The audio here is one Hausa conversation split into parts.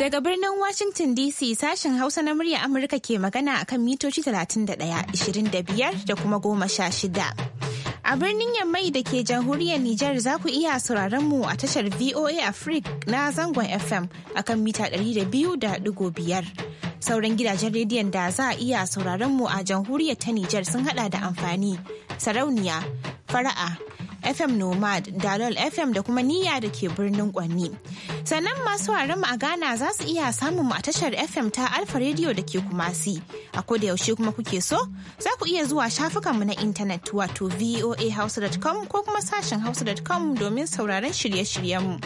Daga birnin Washington DC sashen Hausa na murya Amurka ke magana akan mitoci 31, 25 da kuma 16. A birnin Yammai da ke jamhuriyar Nijar za ku iya sauraron mu a tashar VOA Africa na zangon FM akan mita 200.5. Sauran gidajen rediyon da za a iya sauraron mu a jamhuriyar ta Nijar sun hada da amfani, sarauniya, fara'a, FM Nomad, Dalol FM da kuma Niyya da ke birnin Kwanni. Sannan masu mu a Ghana za su iya samun mu a tashar FM ta Alfa Radio da ke Kumasi. A koda yaushe kuma kuke so, za ku iya zuwa shafukanmu na intanet wato voahausa.com ko kuma sashen hausa.com domin sauraron shirye mu.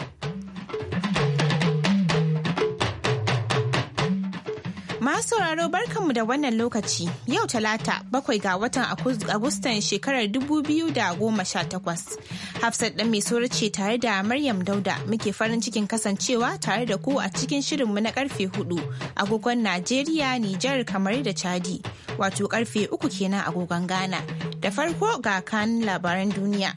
masauraro sauraro barkanmu da wannan lokaci yau talata bakwai ga watan Agustan shekarar 2018. Hafsat ɗan mai ce tare da Maryam Dauda muke farin cikin kasancewa tare da ku a cikin shirinmu na karfe hudu agogon Najeriya, Nijar, kamar da Chadi, wato karfe uku kenan agogon Ghana. Da farko ga kan labaran duniya.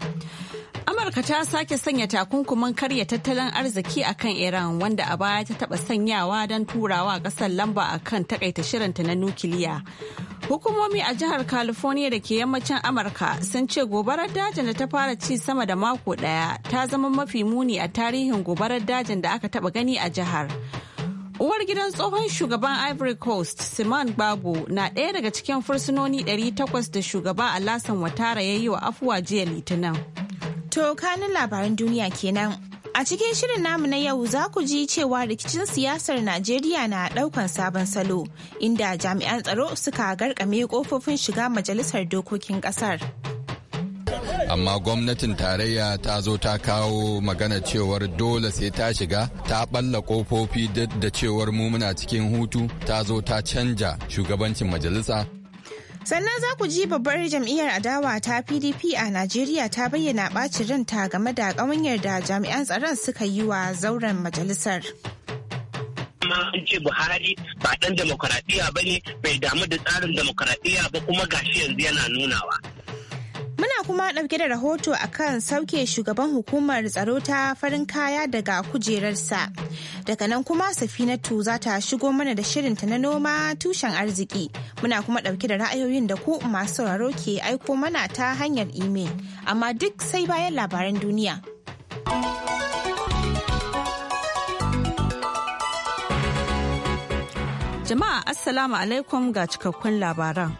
Amurka ta sake sanya takunkumin karya tattalin arziki a kan Iran wanda a baya ta taɓa sanyawa don turawa ƙasar lamba a kan takaita shirinta na nukiliya. Hukumomi a jihar California da ke yammacin Amurka sun ce gobarar dajin da ta fara ci sama da mako ɗaya ta zama mafi muni a tarihin gobarar dajin da aka taɓa gani a jihar. Uwar gidan tsohon shugaban Ivory Coast, Simon Gbagbo, na ɗaya daga cikin fursunoni 800 da shugaba Alassane Ouattara ya yi wa afuwa jiya Litinin. To kanin labaran duniya kenan. A cikin shirin namu na yau za ku ji cewa rikicin siyasar Najeriya na daukan sabon salo, inda jami'an tsaro suka garkame kofofin shiga majalisar dokokin kasar. amma gwamnatin tarayya ta zo ta kawo magana cewar dole sai ta shiga ta balla kofofi da cewar mu muna cikin hutu ta zo ta canja shugabancin majalisa sannan za ku ji babbar jam'iyyar adawa ta pdp a najeriya ta bayyana ɓacin ranta game da ƙawanyar da jami'an tsaron suka yi wa zauren majalisar an ce buhari ba ɗan demokaradiyya ba ne bai damu da tsarin demokaradiyya ba kuma gashi yanzu yana nunawa Muna kuma ɗauke da rahoto a kan sauke shugaban hukumar tsaro ta farin kaya daga kujerarsa. Daga nan kuma Safinatu za ta shigo mana da shirinta na noma tushen arziki. Muna kuma ɗauke da ra'ayoyin da ku masu sauraro ke aiko mana ta hanyar imel. Amma duk sai bayan labaran duniya. Jama'a Assalamu alaikum ga cikakkun labaran.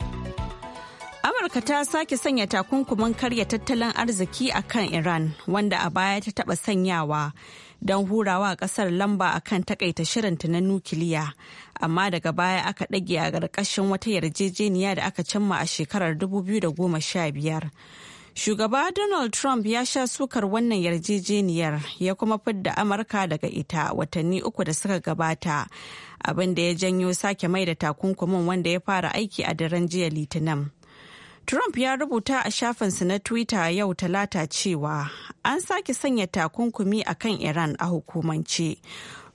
Amurka ta sake sanya takunkumin karya tattalin arziki a kan Iran wanda a baya ta taɓa sanyawa don hurawa ƙasar lamba a kan takaita shirinta na nukiliya. Amma daga baya aka ɗage a ƙarƙashin wata yarjejeniya da aka cimma a shekarar 2015. Shugaba Donald Trump ya sha sukar wannan yarjejeniyar ya kuma fidda Amurka daga ita watanni uku da suka gabata abin da ya janyo sake mai da takunkumin wanda ya fara aiki a daren jiya Litinin. Trump ya rubuta a shafinsa na Twitter yau talata cewa an sake sanya takunkumi a kan Iran a hukumance.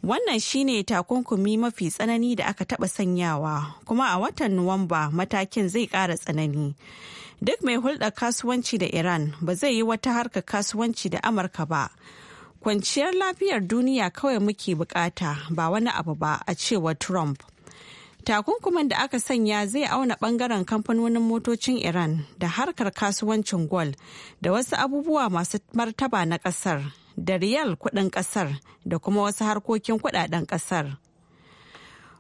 Wannan shine takunkumi mafi tsanani da aka taba sanyawa, kuma a watan Nuwamba matakin zai ƙara tsanani. Duk mai hulɗa kasuwanci da Iran ba zai yi wata harka kasuwanci da Amurka ba. Kwanciyar lafiyar duniya kawai muke bukata ba wani abu ba a cewa Trump. takunkuman da aka sanya zai auna bangaren kamfanonin motocin Iran da harkar kasuwancin Gol da wasu abubuwa masu martaba na kasar da riyal kudin kasar da kuma wasu harkokin kudaden kasar.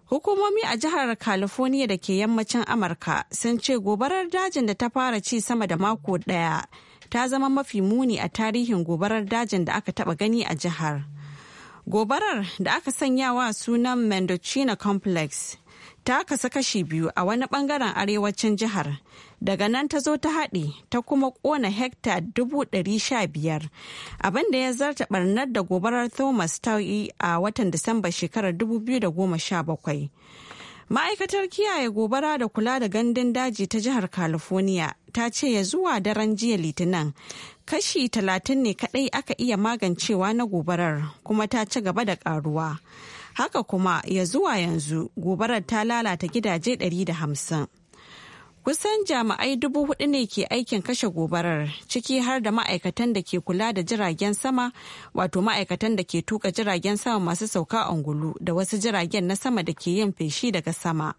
Hukumomi a jihar California da ke yammacin Amurka sun ce gobarar dajin da ta fara ci sama da mako daya ta zama mafi muni a tarihin gobarar dajin da aka taba gani a jihar. Gobarar da aka sanya wa sunan Mendocino Complex ta kasa kashi biyu a wani bangaren arewacin jihar daga nan ta zo ta haɗe ta kuma ƙona hekta biyar abinda ya zarta barnar da gobarar thomas ta a watan disamba shekarar da goma sha bakwai. ma'aikatar kiyaye gobara da kula da gandun daji ta jihar california ta ce ya zuwa daren jiya litinin kashi talatin ne kaɗai aka iya magancewa na gobarar kuma ta ci gaba da ƙaruwa. haka kuma ya zuwa yanzu gobarar ta lalata gidaje 150 kusan jami'ai dubu hudu ne ke aikin kashe gobarar ciki har da ma'aikatan da ke kula da jiragen sama wato ma'aikatan da ke tuka jiragen sama masu sauka ungulu da wasu jiragen na sama da ke yin feshi daga sama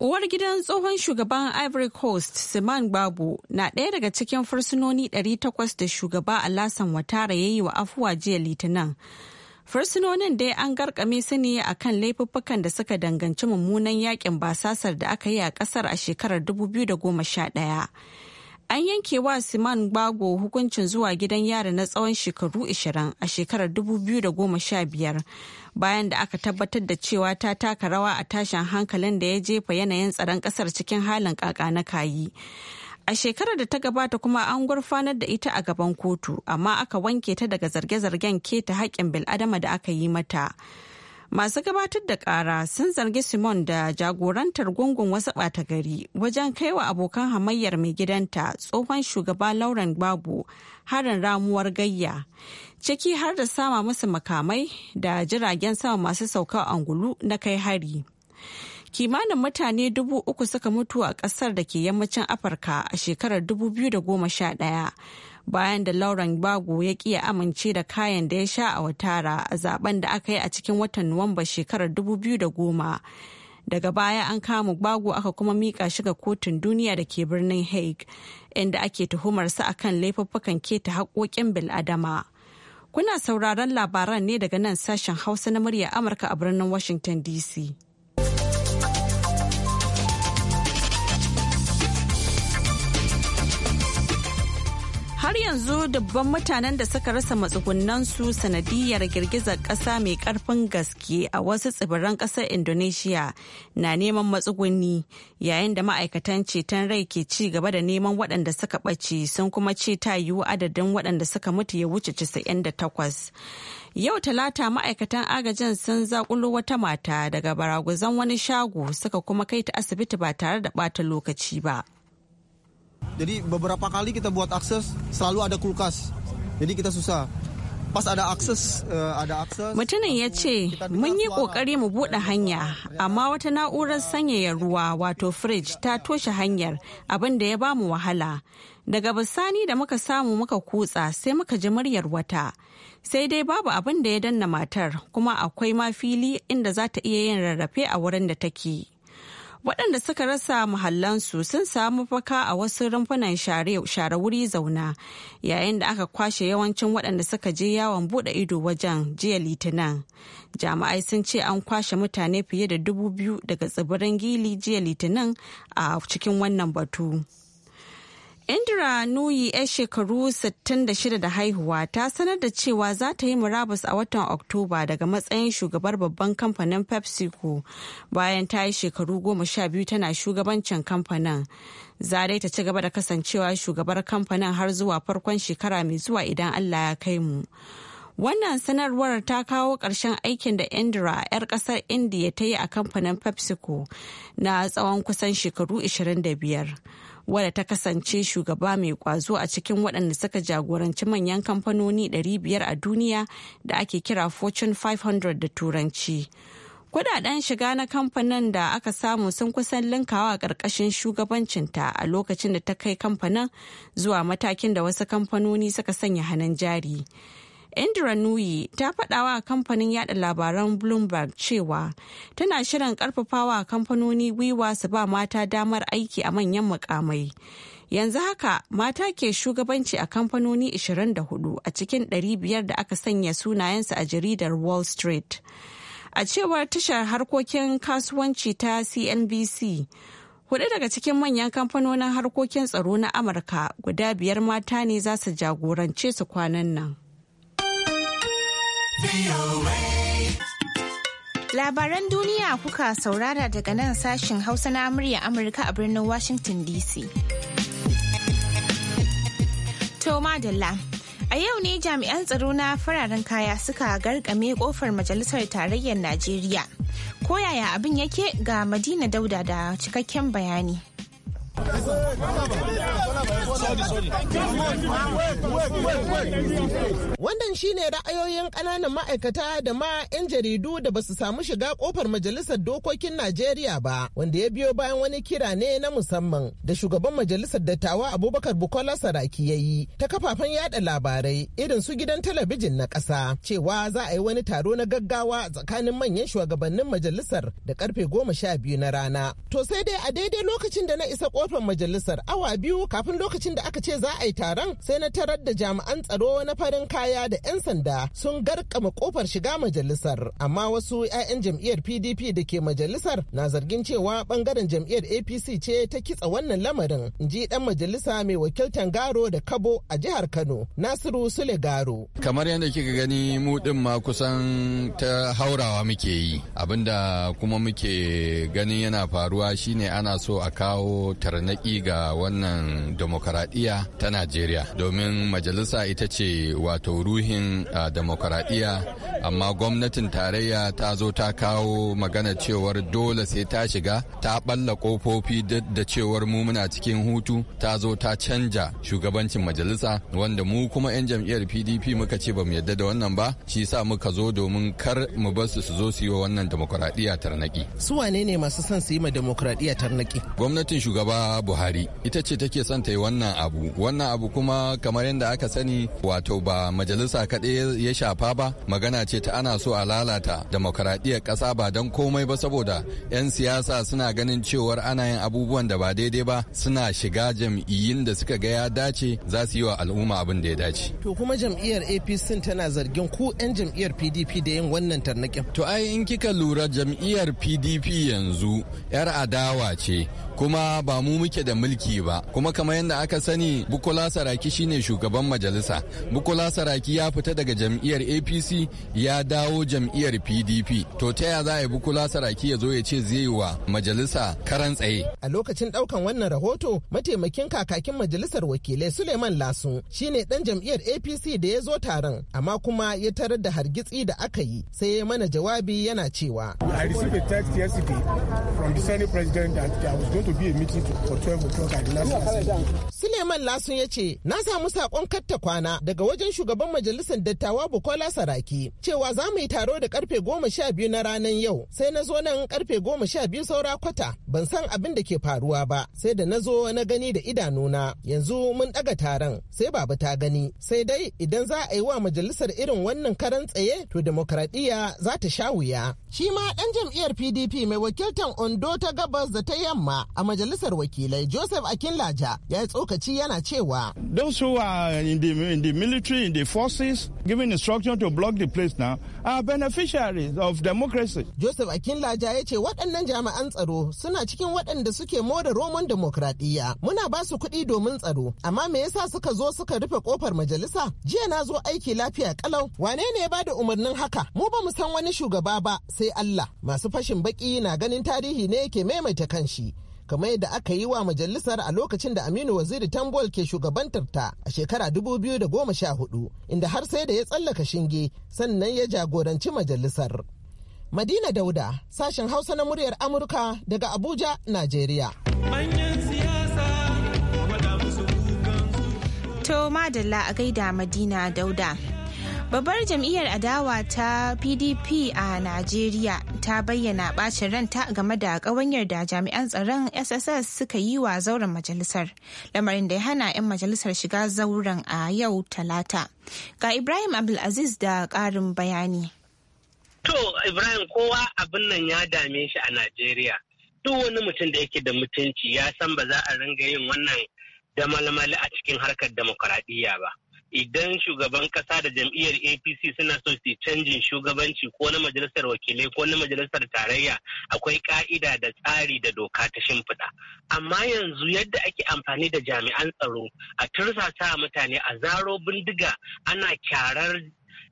Uwar gidan tsohon shugaban Ivory Coast, Simon Gbagbo, na ɗaya daga cikin fursunoni 800 da shugaba alasan watara ya yi wa afuwa jiya Litinin Fursunonin dai an garkame su ne a kan laifuffukan da suka danganci mummunan yakin basasar da aka yi a kasar a shekarar 2011. An yanke wa Siman Gbago hukuncin zuwa gidan yari na tsawon shekaru 20 a shekarar 2015 bayan da aka tabbatar da cewa ta taka rawa a tashin hankalin da ya jefa yanayin tsaron kasar cikin halin kaka na kayi. A shekarar da ta gabata kuma an gurfanar da ita a gaban kotu, amma aka wanke ta daga zarge-zargen keta haƙƙin bil'adama da aka yi mata. Masu gabatar da ƙara sun zargi Simon da jagorantar gungun wasu ɓata gari wajen kaiwa abokan hamayyar mai gidanta tsohon shugaba Lauren Babu harin ramuwar gayya, ciki har da sama masu makamai da jiragen sama masu sauka angulu na kai hari. kimanin mutane dubu uku suka mutu a ƙasar da ke yammacin afirka a shekarar da sha 2011 bayan da lauren bago ya ƙi amince da kayan da ya sha a watara a zaben da aka yi a cikin watan nuwamba shekarar dubu biyu da goma. daga baya an kama bago aka kuma mika shiga kotun duniya da ke birnin hague inda ake tuhumarsa a kan laifuffukan keta haƙoƙin bil'adama kuna sauraron labaran ne daga nan sashen hausa na murya amurka a birnin washington dc har yanzu dubban mutanen da suka rasa matsugunansu sanadiyar girgizar ƙasa mai karfin gaske a wasu tsibiran ƙasar indonesia na neman matsuguni yayin da ma'aikatan ceton rai ke ci gaba da neman waɗanda suka ɓace sun kuma ce ta yiwu adadin waɗanda suka mutu ya wuce takwas yau talata ma'aikatan agajin sun zakulo wata mata daga baraguzan wani shago suka kuma kai ta asibiti ba tare da ɓata lokaci ba. Jadi beberapa kali kita buat akses selalu ada kulkas. Jadi kita susah. Pas ada akses, uh, ada akses. Mutumin ya ce, mun yi kokari mu buɗe hanya, amma wata na'urar sanyaya ruwa wato fridge ta toshe hanyar abin da ya bamu wahala. Daga bisani da muka samu muka kutsa sai muka ji muryar wata. Sai dai babu abin da ya danna matar kuma akwai ma fili inda za ta iya yin rarrafe a wurin da take. waɗanda suka rasa muhallansu sun samu faka a wasu rumfunan share wuri zauna yayin da aka kwashe yawancin waɗanda suka je yawon buɗe ido wajen jiya litinin jami'ai sun ce an kwashe mutane fiye da dubu biyu daga tsibirin gili jiya litinin a cikin wannan batu. Indira Nuyi 'yar shekaru 66 da haihuwa ta sanar da cewa za ta yi murabus a watan Oktoba daga matsayin shugabar babban kamfanin PepsiCo bayan ta yi shekaru 12 tana shugabancin kamfanin. Za dai ta ci gaba da kasancewa shugabar kamfanin har zuwa farkon shekara mai zuwa idan Allah ya kai mu. Wannan sanarwar ta kawo ƙarshen aikin da Indira 'yar ƙasar Indiya ta yi a kamfanin PepsiCo na tsawon kusan shekaru 25. wadda ta kasance shugaba mai kwazo a cikin waɗanda suka jagoranci manyan kamfanoni 500 a duniya da ake kira fortune 500 da turanci kudaden shiga na kamfanin da aka samu sun kusan linkawa ƙarƙashin shugabancinta a lokacin da ta kai kamfanin zuwa matakin da wasu kamfanoni suka sanya hannun jari Indira Nuyi ta faɗawa kamfanin yada labaran Bloomberg cewa tana shirin karfafawa kamfanoni gwiwa su ba mata damar aiki a manyan mukamai. Yanzu haka mata ke shugabanci a kamfanoni 24 a cikin 500 da aka sanya sunayensu a jaridar Wall Street. A cewar tashar harkokin kasuwanci ta CNBC, Hudu daga cikin manyan kamfanonin harkokin tsaro na Amurka guda biyar mata ne za su jagorance su kwanan nan. Labaran duniya kuka saurara daga nan sashin Hausa na murya Amurka a birnin Washington DC. To Dalla. A yau ne jami'an tsaro na fararen kaya suka garkame kofar Majalisar Tarayyar Najeriya. Ko yaya abin yake ga Madina Dauda da cikakken bayani. Wannan shi ne ra'ayoyin ƙananan ma'aikata da ma 'yan jaridu da ba su samu shiga ƙofar Majalisar Dokokin Najeriya ba, wanda ya biyo bayan wani kira ne na musamman da shugaban Majalisar Dattawa Abubakar Bukola Saraki ya yi ta kafafen yada labarai irin su gidan talabijin na ƙasa cewa za a yi wani taro na gaggawa tsakanin manyan shugabannin majalisar da karfe goma sha biyu na rana. To sai dai a daidai lokacin da na isa kofar majalisar awa biyu kafin lokacin da aka ce za a yi taron sai na tarar da jami'an tsaro na farin kaya da 'yan sanda sun garkama kofar shiga majalisar amma wasu 'ya'yan jam'iyyar pdp da ke majalisar na zargin cewa bangaren jam'iyyar apc ce ta kitsa wannan lamarin in ji dan majalisa mai wakiltan garo da kabo a jihar kano nasiru sule garo kamar yadda kika gani mu din ma kusan ta haurawa muke yi abinda kuma muke ganin yana faruwa shine ana so a kawo tar tarnaki ga wannan demokaradiyya ta najeriya domin majalisa ita ce wato ruhin demokaradiyya amma gwamnatin tarayya ta zo ta kawo magana cewar dole sai ta shiga ta balla kofofi da cewar mu muna cikin hutu ta zo ta canja shugabancin majalisa wanda mu kuma 'yan jam'iyyar pdp muka ce ba mu yadda da wannan ba shi sa muka zo domin kar mu basu su zo su yi wa wannan demokaradiyya tarnaki su wane ne masu son su yi ma demokaradiyya tarnaki gwamnatin shugaba buhari ita ce take son ta yi wannan abu wannan abu kuma kamar yadda aka sani wato ba majalisa kaɗai ya shafa ba magana ce ta ana so a lalata demokaradiyyar ƙasa ba don komai ba saboda 'yan siyasa suna ganin cewar ana yin abubuwan da ba daidai ba suna shiga jam'iyyun da suka ga ya dace za su yi wa al'umma abin da ya dace to kuma jam'iyyar apc tana zargin ku 'yan jam'iyyar pdp da yin wannan tarnaƙin to ai in kika lura jam'iyyar pdp yanzu 'yar adawa ce kuma ba mu muke da mulki ba kuma kamar yadda aka sani bukola saraki shine shugaban majalisa bukola saraki ya fita daga jam'iyyar apc ya dawo jam'iyyar pdp to ta ya za a yi bukola saraki ya zo ya ce zai wa majalisa karan tsaye a lokacin daukan wannan rahoto mataimakin kakakin majalisar wakilai suleiman lasu shine dan jam'iyyar apc da ya zo taron amma kuma ya tarar da hargitsi da aka yi sai ya mana jawabi yana cewa i received a text yesterday from the senate president that was going to be a meeting for 12 o'clock at the Suleiman Lasun ya ce, Na samu sakon katta kwana daga wajen shugaban majalisar dattawa Bukola Saraki cewa za mu yi taro da karfe goma sha biyu na ranar yau sai na zo nan karfe goma sha biyu saura kwata ban san abin da ke faruwa ba sai da na zo na gani da idanuna yanzu mun ɗaga taron sai babu ta gani sai dai idan za a yi wa majalisar irin wannan karan tsaye to demokradiyya za ta sha wuya. Shi ma ɗan jam'iyyar PDP mai wakiltan Ondo ta gabas da ta yamma a majalisar wakilai Joseph Akinlaja ya yi tsokaci yana cewa. Those who are in the, in the military, in the forces, giving instruction to block the place now are beneficiaries of democracy. Joseph Akinlaja ya ce waɗannan jami'an tsaro suna cikin waɗanda suke more roman demokradiyya. Muna ba su kuɗi domin tsaro, amma me yasa suka zo suka rufe kofar majalisa? Jiya na zo aiki lafiya kalau. Wane ne ya bada umarnin haka? Mu ba mu san wani shugaba ba sai Allah. Masu fashin baki na ganin tarihi ne yake maimaita kanshi. kamar yadda aka yi wa majalisar a lokacin da Aminu Waziri Tambol ke shugabantar ta a shekara 2014 inda har sai da ya tsallaka shinge sannan ya jagoranci majalisar. Madina Dauda, sashen Hausa na muryar Amurka daga Abuja, Najeriya. To Madalla a gaida Madina Dauda. babbar jam'iyyar adawa ta pdp a najeriya ta bayyana bacin ranta game da ƙawanyar da jami'an tsaron sss suka yi wa zauren majalisar lamarin da ya hana 'yan majalisar shiga zauren a yau talata ga ibrahim abdulaziz da ƙarin bayani to ibrahim kowa abin nan ya dame shi a najeriya duk wani mutum da yake da mutunci ya san ba za a ringa yin wannan da malmali a cikin harkar demokaradiyya ba idan shugaban kasa da jam'iyyar apc suna so su canjin shugabanci ko na majalisar wakilai ko na majalisar tarayya akwai ka'ida da tsari da doka ta shimfiɗa amma yanzu yadda ake amfani da jami'an tsaro a tursasa mutane a zaro bindiga ana kyarar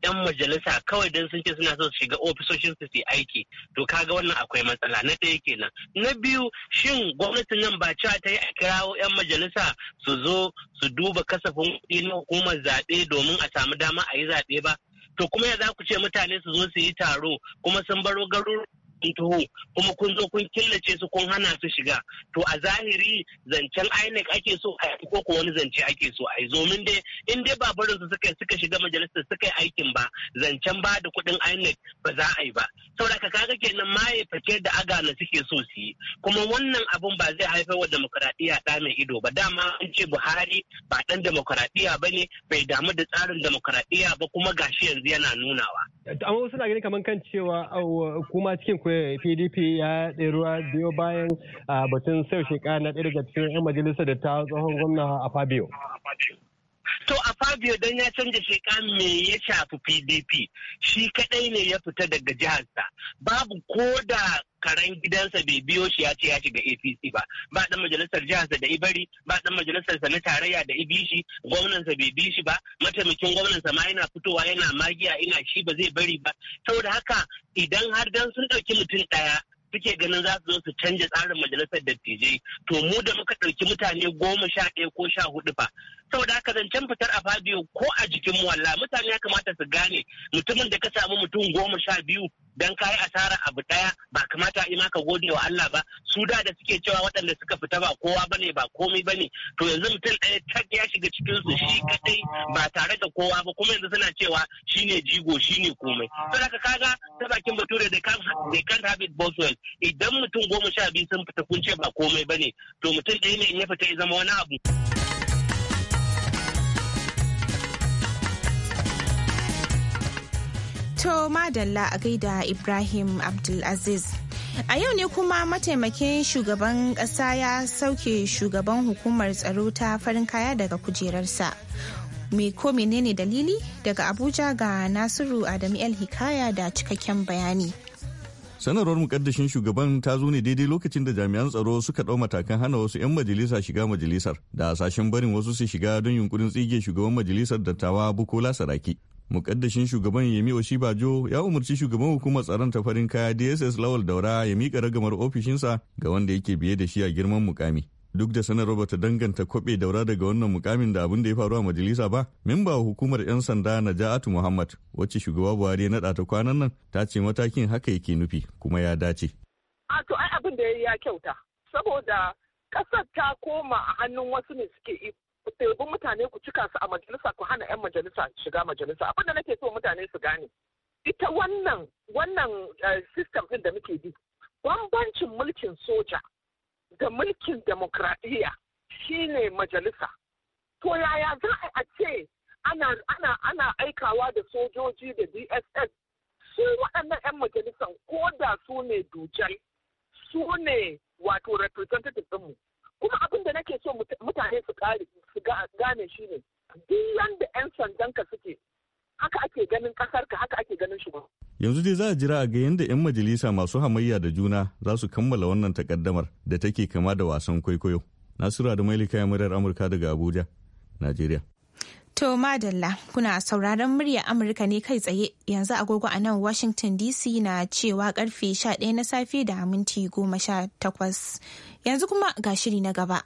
'yan majalisa kawai don sun ce suna so su shiga ofisoshin su aiki to kaga wannan akwai matsala na ɗaya kenan na biyu shin gwamnatin nan ba cewa ta yi a kirawo 'yan majalisa su zo su duba kasafin kuɗi na hukumar zaɓe domin a samu dama a yi zaɓe ba to kuma ya za ku ce mutane su zo su yi taro kuma sun baro garuruwa taho kuma kun zo kun killace su kun hana su shiga to a zahiri zancen INEC ake so a yi ko wani zance ake so a yi zomin dai in dai ba barin su suka suka shiga majalisar suka yi aikin ba zancen ba da kuɗin INEC ba za a yi ba saboda ka kaga kenan maye fake da aga na suke so su yi kuma wannan abun ba zai haifar wa demokradiya ɗa mai ido ba dama an ce Buhari ba dan demokradiya ba ne bai damu da tsarin demokradiya ba kuma gashi yanzu yana nunawa amma wasu na ganin kamar kan cewa kuma cikin ku pdp eh, ya ɗeruwa biyo bayan ah, batun sau shekara na ɗaya daga cikin 'yan majalisa da ta tsohon gwamna a fabio To a Fabio don ya canza sheka me ya shafi PDP shi kadai ne ya fita daga jiharsa babu ko da karen gidansa bai biyo shi ya ce ya shiga APC ba ba ɗan majalisar jiharsa da Ibari ba dan majalisar sa na tarayya da Ibishi gwamnansa bai bi shi ba mataimakin gwamnansa ma yana fitowa yana magiya ina shi ba zai bari ba saboda haka idan har dan sun ɗauki mutum ɗaya. suke ganin za su zo su canja tsarin majalisar dattijai to mu da muka ɗauki mutane goma sha ɗaya ko sha hudu fa saboda haka zancen fitar a fabio ko a jikin mu walla mutane ya kamata su gane mutumin da ka samu mutum goma sha biyu dan kayi asara abu daya ba kamata ina ka gode wa Allah ba su da da suke cewa waɗanda suka fita ba kowa bane ba komai bane to yanzu mutum ɗaya tak ya shiga cikin su ba tare da kowa ba kuma yanzu suna cewa shine jigo shine komai da kaga ta bakin bature da kan da kan habit boswell idan mutum goma sha biyu sun fita kun ce ba komai bane to mutum ɗaya ne in ya fita ya zama wani abu To Madalla a gaida Ibrahim Abdulaziz. A yau ne kuma mataimakin shugaban ƙasa ya sauke shugaban hukumar tsaro ta farin kaya daga kujerarsa. me ko menene dalili daga abuja ga nasiru adamu el hikaya da cikakken bayani sanarwar mukaddashin shugaban ta zo ne daidai lokacin da jami'an tsaro suka dau matakan hana wasu 'yan majalisa shiga majalisar da hasashen barin wasu su shiga don yunkurin tsige shugaban majalisar dattawa bukola saraki mukaddashin shugaban yemi oshibajo ya umarci shugaban hukumar tsaron ta farin kaya dss lawal daura ya mika ragamar ofishinsa ga wanda yake biye da shi a girman mukami duk da sanarwar bata danganta kwabe daura daga wannan mukamin da abin da ya faru a majalisa ba memba hukumar 'yan sanda na ja'atu muhammad wacce shugaba buhari ya naɗa ta kwanan nan ta ce matakin haka yake nufi kuma ya dace a to ai abin da ya kyauta saboda kasar ta koma a hannun wasu ne suke iko mutane ku cika su a majalisa ku hana 'yan majalisa shiga majalisa abin da nake so mutane su gane ita wannan wannan eh, system din da muke bi bambancin mulkin soja da mulkin demokradiyya shine majalisa. To yaya za a ce ana, aikawa da sojoji da DSS su waɗannan 'yan majalisan ko da su ne dujal su ne wato representative ɗinmu. Kuma abin da nake so mutane su gane shi ne, duk yanda 'yan sandanka suke haka ake ganin kasar ka haka ake ganin shugaban yanzu dai za a jira a ga yadda 'yan majalisa masu hamayya da juna za su kammala wannan takaddamar da take kama da wasan kwaikwayo nasura da mailika ya muryar amurka daga abuja najeriya To Madalla kuna sauraron murya Amurka ne kai tsaye yanzu agogo a nan Washington DC na cewa karfe 11 na safe da minti 18. Yanzu kuma ga shiri na gaba.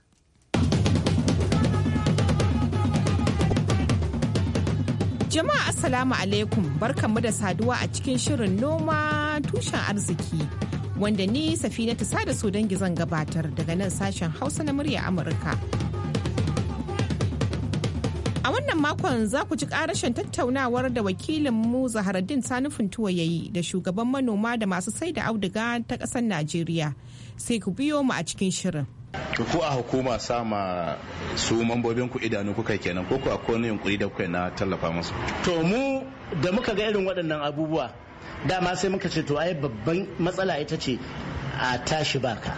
Jama'a Assalamu alaikum barkanmu da saduwa a cikin shirin noma tushen arziki wanda ni safina ta sada su dangi zan gabatar daga nan sashen hausa na murya Amurka. A wannan makon za ku ji karashin tattaunawar da wakilinmu Zaharaddin Sani Funtuwa ya yi da shugaban manoma da masu sai da auduga ta ƙasar Najeriya sai ku biyo mu a cikin shirin. ko a hukuma sama su mambobin ku idanu kuka kenan ko ku akwai wani yunkuri da kuka na tallafa musu to mu da muka ga irin waɗannan abubuwa dama sai muka ce to ai babban matsala ita ce a tashi baka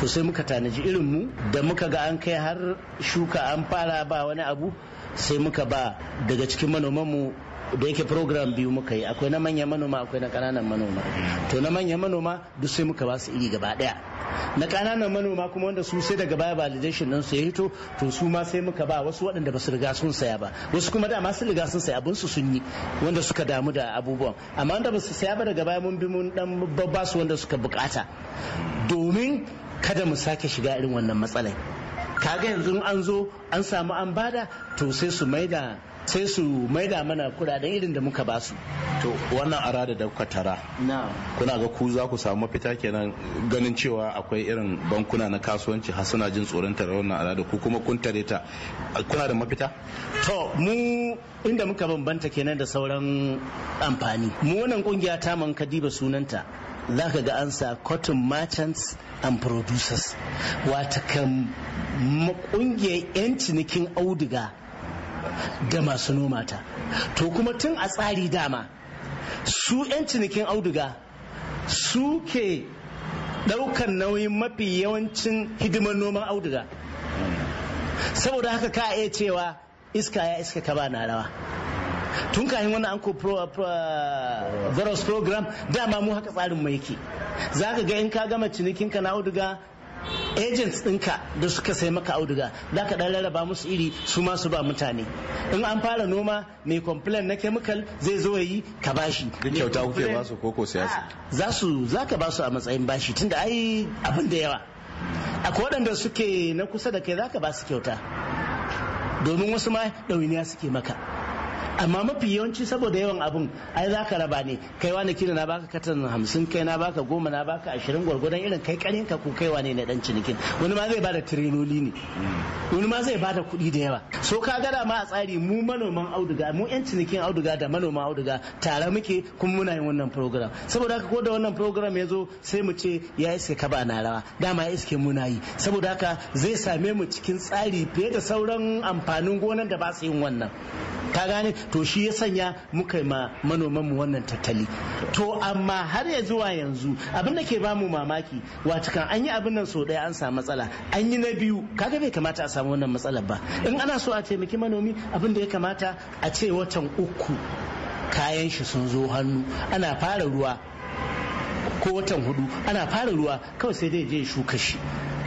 to sai muka tanaji irin mu da muka ga an kai har shuka an fara ba wani abu sai muka ba daga cikin manomanmu da yake program biyu muka yi akwai na manyan manoma akwai na kananan manoma to na manyan manoma duk sai muka ba su iri gaba daya na kananan manoma kuma wanda su sai daga baya validation din su ya hito to su ma sai muka ba wasu waɗanda ba su riga sun saya ba wasu kuma dama su riga sun saya abin su sun yi wanda suka damu da abubuwan amma wanda ba su saya ba daga baya mun bi mun dan ba su wanda suka bukata domin kada mu sake shiga irin wannan matsalai kaga yanzu an zo an samu an bada to sai su maida sai su maida mana kudaden irin da muka basu to wannan ara da kuka tara kuna ga ku za ku samu mafita kenan ganin cewa akwai irin bankuna na kasuwanci har suna jin tsoron tare wannan da ku kuma kun tare ta kuna da mafita to mu inda muka bambanta kenan da sauran amfani mu wannan kungiya ta man kadiba sunanta za ka ga ansa sa cotton merchants and producers wata kan ƙungiyar 'yan cinikin auduga da masu noma ta to kuma tun a tsari dama su 'yan cinikin auduga su ke ɗaukan nauyin mafi yawancin hidimar noman auduga saboda haka ka iya cewa iska ya iska ka ba na rawa tun kayan wani anko virus program dama mu haka tsarin mai yake za ka ga in ka gama cinikinka na auduga agents ɗinka da suka sai maka auduga za ka ɗan rarraba musu iri su ma su ba mutane in an fara noma mai complain na chemical zai zo yi ka bashi duk kyauta kuke ba su koko siyasa za su za ka ba su a matsayin bashi tunda ai abin da yawa akwai waɗanda suke na kusa da kai za ka ba su kyauta domin wasu ma ɗauniya suke maka amma mafi yawanci saboda yawan abun ai za ka raba ne kai wani kina na baka katan hamsin kai na baka goma na baka ashirin gwargwadon irin kai karin ka ko kai wane na dan cinikin wani ma zai bada tiriloli ne wani ma zai bada kuɗi da yawa so ka gada ma a tsari mu manoman auduga mu yan cinikin auduga da manoman auduga tare muke kuma muna yin wannan program saboda haka ko da wannan program ya zo sai mu ce ya iske ka ba na rawa dama ya iske muna yi saboda haka zai same mu cikin tsari fiye da sauran amfanin gonan da ba su yin wannan ka gane to shi ya sanya muka ma manoman mu wannan tattali to amma har ya zuwa yanzu abin da ke bamu mamaki watakan an yi abin nan so ɗaya an samu matsala an yi na biyu kaga bai kamata a samu wannan matsalar ba in ana so a taimaki manomi abin da ya kamata a ce watan uku kayan shi sun zo hannu ana fara ruwa ko watan hudu ana fara ruwa kawai sai dai je shuka shi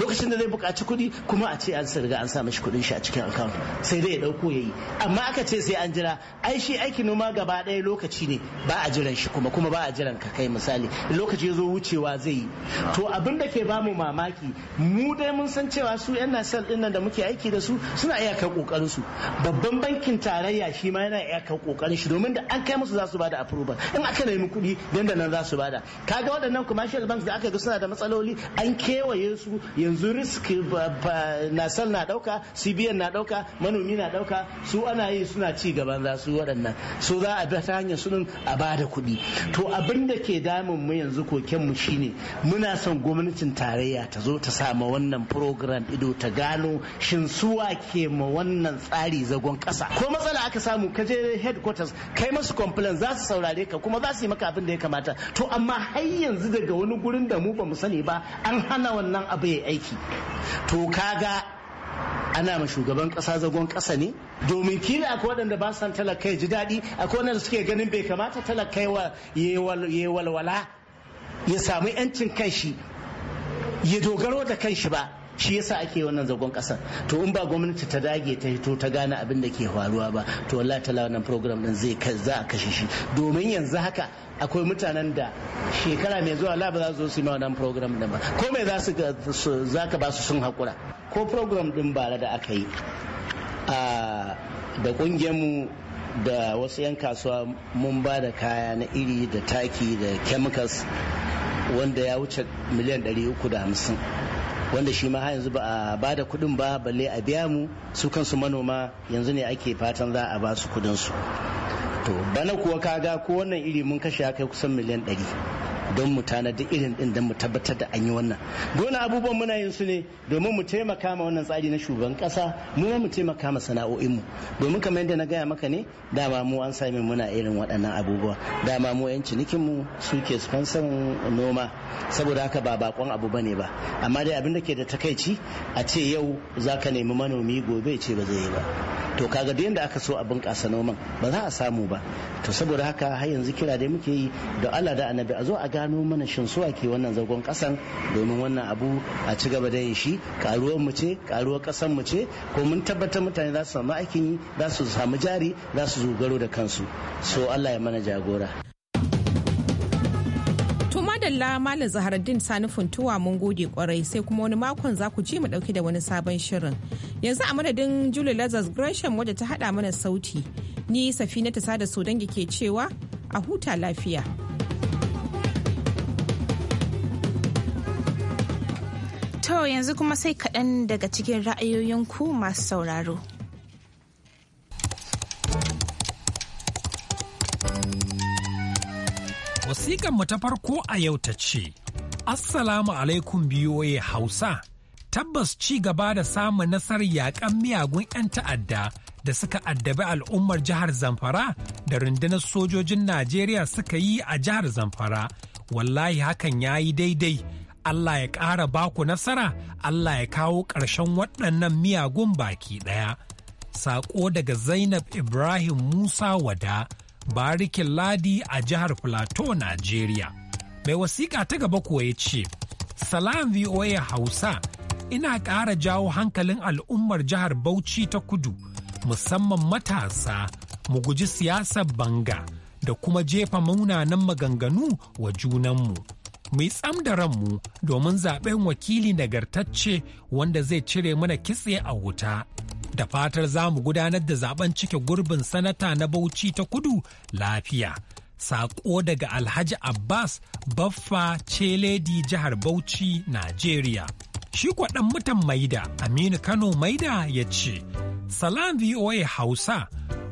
lokacin da zai buƙaci kuɗi kuma a ce an riga an sa mishi kuɗin shi a cikin account sai dai ya ɗauko ya yi amma aka ce sai an jira ai shi aikin noma gaba ɗaya lokaci ne ba a jiran shi kuma kuma ba a jiran ka kai misali lokaci ya zo wucewa zai yi to abin da ke bamu mamaki mu dai mun san cewa su yan nasal din nan da muke aiki da su suna iyakar kokarin su babban bankin tarayya shi ma yana iyakar kokarin shi domin da an kai musu za su bada approval in aka nemi kuɗi dandanan za su bada kaga waɗannan commercial banks da aka ga suna da matsaloli an kewaye su yanzu yanzu risk san na dauka cbn na dauka manomi na dauka su ana yi suna ci gaban za su waɗannan so za a ta hanyar sunan a ba da kuɗi to abin da ke damun mu yanzu koken mu shine muna son gwamnatin tarayya ta zo ta sama wannan program ido ta gano shin suwa ke ma wannan tsari zagon kasa ko matsala aka samu ka je headquarters kai masu complain za su saurare ka kuma za su yi maka abin da ya kamata to amma har yanzu daga wani gurin da mu bamu sani ba an hana wannan abu ya aiki aiki to kaga ana ma shugaban kasa zagon kasa ne domin kila akwai waɗanda ba san talakai ji daɗi akwai waɗanda suke ganin bai kamata talakai ya walwala ya samu 'yancin kanshi ya dogaro da kanshi ba shi yasa ake wannan zagon kasar to in ba gwamnati ta dage ta hito ta gane abin da ke faruwa ba to wallahi tala wannan program din zai za a kashe shi domin yanzu haka akwai mutanen da shekara mai zuwa la ba za su su yi wannan program din ba ko mai za su za ka ba su sun hakura ko program din bara da aka yi a da kungiyar mu da wasu 'yan kasuwa mun ba da kaya na iri da taki da chemicals wanda ya wuce miliyan 350 wanda shi ma har yanzu ba a ba da kuɗin ba balle a biya mu su kansu manoma yanzu ne ake fatan za a ba su kuɗin su to bana kuwa kaga ko wannan iri mun kashe kai kusan miliyan ɗari don mu tanadi irin din don mu tabbatar da an yi wannan dole abubuwan muna yin su ne domin mu taimaka ma wannan tsari na shugaban kasa mu mu taimaka ma mu domin kamar yadda na gaya maka ne dama mu an sami muna irin waɗannan abubuwa dama mu yan cinikin mu suke sponsor noma saboda haka ba bakon abu bane ba amma dai abin da ke da takaici a ce yau zaka nemi manomi gobe ce ba zai yi ba to kaga duk yadda aka so a bunkasa noman ba za a samu ba to saboda haka har yanzu kira da muke yi da Allah da Annabi a zo a ga gano mana shin su ke wannan zagon kasan domin wannan abu a ci gaba da yin shi karuwar mu ce karuwar kasan mu ce ko mun tabbatar mutane za su samu aikin yi za su samu jari za su dogaro da kansu so Allah ya mana jagora madalla Malam Zaharaddin Sani Funtuwa mun gode kwarai sai kuma wani makon za ku ji mu dauke da wani sabon shirin. Yanzu a madadin Julie Lazarus Gresham wadda ta hada mana sauti. Ni Safina ta sada su dangi ke cewa a huta lafiya. To yanzu kuma sai kaɗan daga cikin ra'ayoyinku masu sauraro. mu ta farko a yau ta ce, Assalamu alaikum biyu biyoye Hausa, tabbas ci gaba da samun nasarar yaƙan miyagun 'yan ta'adda da suka addabi al'ummar jihar Zamfara da rundunar sojojin Najeriya suka yi a jihar Zamfara. Wallahi hakan ya yi daidai Allah ya ƙara baku nasara, Allah ya kawo ƙarshen waɗannan miyagun baki ɗaya. Saƙo daga Zainab Ibrahim Musa Wada, Barikin Ladi a jihar Filato, Najeriya. Mai wasiƙa ta gaba kuwa ya ce, Salam VOA Hausa, ina ƙara jawo hankalin al'ummar jihar Bauchi ta kudu, musamman matasa, mu guji siyasar banga da kuma jefa munanan maganganu wa junanmu. mu yi tsam da ranmu domin zaɓen wakili nagartacce wanda zai cire mana kitse a wuta. Da fatar za mu gudanar da zaben cike gurbin sanata na Bauchi ta kudu lafiya. Saƙo daga Alhaji Abbas Baffa Celedi jihar Bauchi, Najeriya. Shi kwaɗan mutan Maida, Aminu Kano Maida ya ce, Salam VOA Hausa,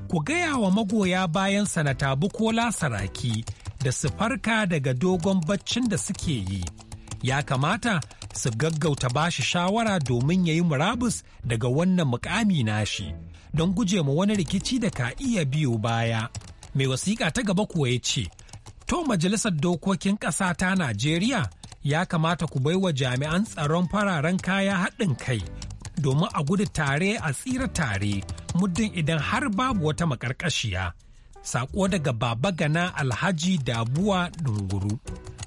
ku gaya wa magoya bayan sanata Bukola Saraki da su farka daga dogon baccin da suke yi ya kamata su gaggauta bashi shawara domin ya yi murabus daga wannan mukami nashi don gujewa wani rikici da ka iya biyo baya mai wasiƙa ta gaba kuwa ya ce to majalisar dokokin ƙasa ta najeriya ya kamata ku baiwa jami'an tsaron fararen kaya haɗin kai domin a gudu tare a tsira tare muddin idan har babu wata maƙarƙashiya. Sako daga Baba Gana Alhaji Dabuwa Dunguru.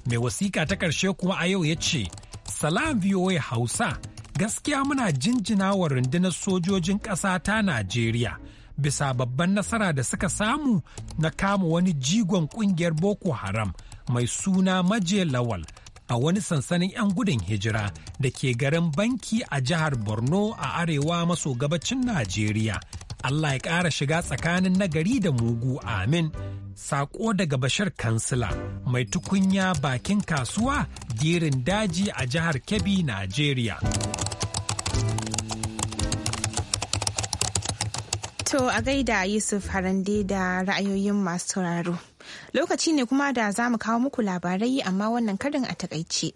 Mai wasiƙa ta ƙarshe kuma a yau ya ce, Salam VOA Hausa, gaskiya muna jinjina wa rundunar sojojin ƙasa ta Najeriya. Bisa babban nasara da suka samu na kama wani jigon ƙungiyar Boko Haram mai suna Maje Lawal a wani sansanin 'yan gudun hijira da ke garin banki a jihar Borno a arewa maso gabacin Najeriya. Allah ya ƙara shiga tsakanin nagari da mugu amin. Saƙo daga bashar Kansila mai tukunya bakin kasuwa girin daji a jihar Kebbi, Najeriya. To a gaida Yusuf Harande da ra'ayoyin masu sauraro. Lokaci ne kuma da za mu kawo muku labarai amma wannan karin a takaice.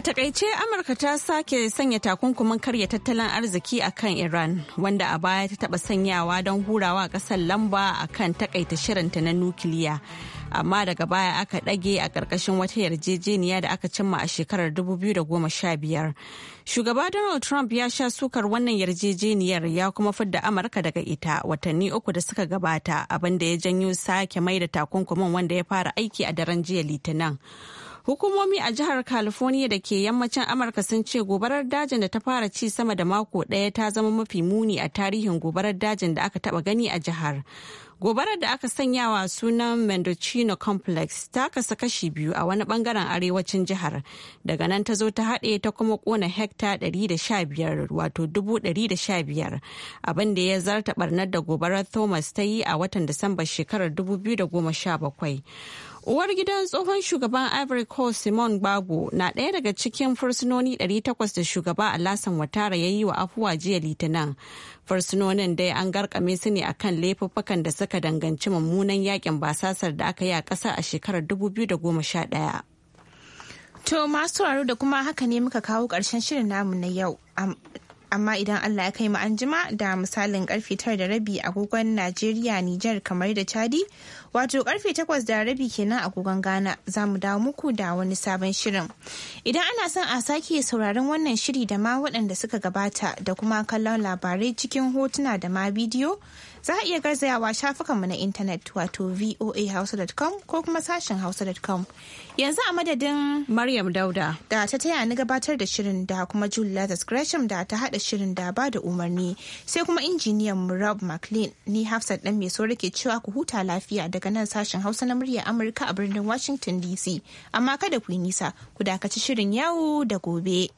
A takaice Amurka ta sake sanya takunkumin karya tattalin arziki a kan Iran wanda a baya ta taba sanyawa don hurawa kasar lamba a kan takaita shirinta na nukiliya. Amma daga baya aka ɗage a ƙarƙashin wata yarjejeniya da aka cimma a shekarar 2015. Shugaba Donald Trump ya sha sukar wannan yarjejeniyar ya kuma fidda Amurka daga ita watanni uku da suka gabata abinda ya janyo sake mai da takunkumin wanda ya fara aiki a daren jiya Litinin. Hukumomi a jihar California da ke yammacin Amurka sun ce gobarar dajin da ta fara ci sama da mako ɗaya ta zama mafi muni a tarihin gobarar dajin da aka taba gani a jihar. Gobarar da aka sanyawa sunan Mendocino Complex ta kasa kashi biyu a wani bangaren arewacin jihar. Daga nan ta zo ta haɗe ta kuma kona hekta 115 wato 115 abin da ya zarta barnar da gobarar Thomas ta yi a watan Disamba shekarar 2017. Uwar gidan tsohon shugaban Ivory Coast Simon Gbagbo na ɗaya daga cikin fursunoni 800 da shugaba Alassane watara ya yi wa afuwa jiya Litinin. Fursunonin dai an garkame su ne akan laifuffukan da suka danganci mummunan yakin basasar da aka yi a ƙasa a shekarar 2011. To masu da kuma haka ne muka kawo ƙarshen shirin namu na yau. amma idan Allah ya kai mu an da misalin karfe tara da rabi agogon Najeriya Nijar kamar da Chadi wato karfe takwas da rabi kenan agogon Ghana za mu dawo muku da wani sabon shirin. Idan ana son a sake sauraron wannan shiri da ma waɗanda suka gabata da kuma kallon labarai cikin hotuna da ma bidiyo Za a iya garzayawa shafukanmu na intanet wato voahausa.com ko kuma sashen hausa.com. Yanzu a madadin Maryam Dauda da ta taya ni gabatar da shirin da kuma Julia Gresham da ta hada shirin da ba da umarni sai kuma injiniyan mu Rob McLean ni Hafsat dan mai so ke cewa ku huta lafiya daga nan sashen Hausa na murya Amurka a birnin Washington DC. Amma kada ku yi nisa ku dakaci shirin yawo da gobe.